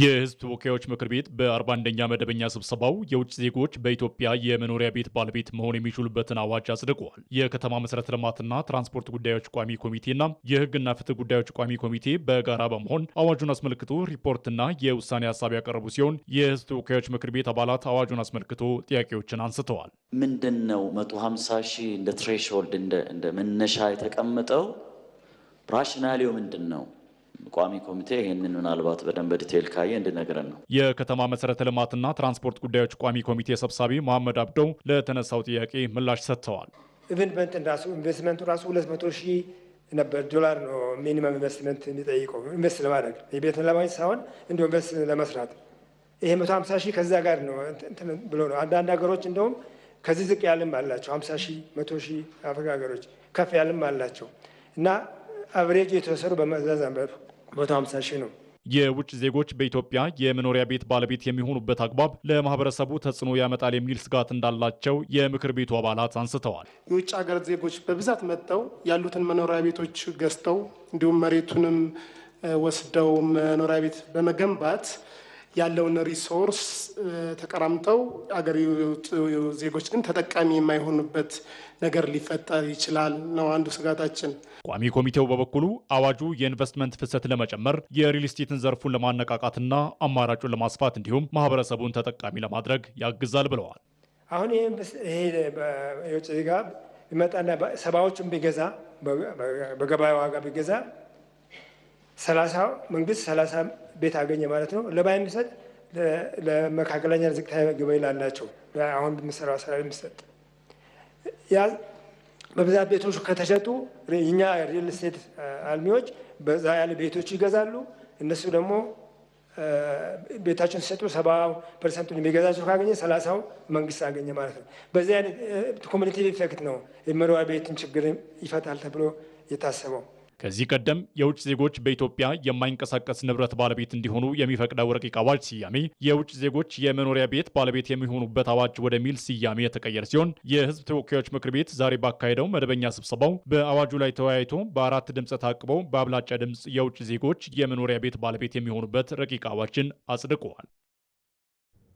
የህዝብ ተወካዮች ምክር ቤት በ41ኛ መደበኛ ስብሰባው የውጭ ዜጎች በኢትዮጵያ የመኖሪያ ቤት ባለቤት መሆን የሚችሉበትን አዋጅ አጽድቀዋል። የከተማ መሰረተ ልማትና ትራንስፖርት ጉዳዮች ቋሚ ኮሚቴና የህግና ፍትህ ጉዳዮች ቋሚ ኮሚቴ በጋራ በመሆን አዋጁን አስመልክቶ ሪፖርትና የውሳኔ ሀሳብ ያቀረቡ ሲሆን የህዝብ ተወካዮች ምክር ቤት አባላት አዋጁን አስመልክቶ ጥያቄዎችን አንስተዋል። ምንድን ነው 150 ሺህ እንደ ትሬሽሆልድ እንደ መነሻ የተቀመጠው ራሽናሊው ምንድን ነው? ቋሚ ኮሚቴ ይህንን ምናልባት በደንብ ዲቴይል ካየ እንድነግረን ነው። የከተማ መሰረተ ልማትና ትራንስፖርት ጉዳዮች ቋሚ ኮሚቴ ሰብሳቢ መሐመድ አብደው ለተነሳው ጥያቄ ምላሽ ሰጥተዋል። ኢንቨስትመንት ራሱ ኢንቨስትመንቱ ራሱ ሁለት መቶ ሺህ ነበር ዶላር ነው ሚኒመም ኢንቨስትመንት የሚጠይቀው ኢንቨስት ለማድረግ የቤትን ለማግኘት ሳይሆን እንዲሁ ኢንቨስት ለመስራት ይሄ መቶ ሀምሳ ሺህ ከዛ ጋር ነው ብሎ ነው። አንዳንድ ሀገሮች እንደውም ከዚህ ዝቅ ያለም አላቸው ሀምሳ ሺህ መቶ ሺህ አፍሪካ ሀገሮች ከፍ ያለም አላቸው እና አብሬጅ የተወሰዱ በመዛዛ መቶ ሀምሳ ሺህ ነው። የውጭ ዜጎች በኢትዮጵያ የመኖሪያ ቤት ባለቤት የሚሆኑበት አግባብ ለማህበረሰቡ ተጽዕኖ ያመጣል የሚል ስጋት እንዳላቸው የምክር ቤቱ አባላት አንስተዋል። የውጭ ሀገር ዜጎች በብዛት መጥተው ያሉትን መኖሪያ ቤቶች ገዝተው እንዲሁም መሬቱንም ወስደው መኖሪያ ቤት በመገንባት ያለውን ሪሶርስ ተቀራምተው አገሪቱ ዜጎች ግን ተጠቃሚ የማይሆኑበት ነገር ሊፈጠር ይችላል ነው አንዱ ስጋታችን። ቋሚ ኮሚቴው በበኩሉ አዋጁ የኢንቨስትመንት ፍሰት ለመጨመር የሪል ስቴትን ዘርፉን ለማነቃቃትና አማራጩን ለማስፋት እንዲሁም ማህበረሰቡን ተጠቃሚ ለማድረግ ያግዛል ብለዋል። አሁን ይሄ የውጭ ዜጋ ይመጣና ሰባዎቹን ቢገዛ በገበያ ዋጋ ቢገዛ ሰላሳ መንግስት ሰላሳ ቤት አገኘ ማለት ነው። ለባይ የሚሰጥ ለመካከለኛ ዝቅተኛ ገቢ ላላቸው አሁን በምሰራው ስራ የሚሰጥ ያ በብዛት ቤቶች ከተሸጡ እኛ ሪል ስቴት አልሚዎች በዛ ያለ ቤቶች ይገዛሉ። እነሱ ደግሞ ቤታቸውን ሲሰጡ ሰባ ፐርሰንቱን የሚገዛቸው ካገኘ ሰላሳው መንግስት አገኘ ማለት ነው። በዚህ አይነት ኮሚኒቲ ኢፌክት ነው የመኖሪያ ቤትን ችግር ይፈታል ተብሎ የታሰበው። ከዚህ ቀደም የውጭ ዜጎች በኢትዮጵያ የማይንቀሳቀስ ንብረት ባለቤት እንዲሆኑ የሚፈቅደው ረቂቅ አዋጅ ስያሜ የውጭ ዜጎች የመኖሪያ ቤት ባለቤት የሚሆኑበት አዋጅ ወደሚል ስያሜ የተቀየረ ሲሆን የሕዝብ ተወካዮች ምክር ቤት ዛሬ ባካሄደው መደበኛ ስብሰባው በአዋጁ ላይ ተወያይቶ በአራት ድምፅ ታቅበው በአብላጫ ድምፅ የውጭ ዜጎች የመኖሪያ ቤት ባለቤት የሚሆኑበት ረቂቅ አዋጅን አጽድቀዋል።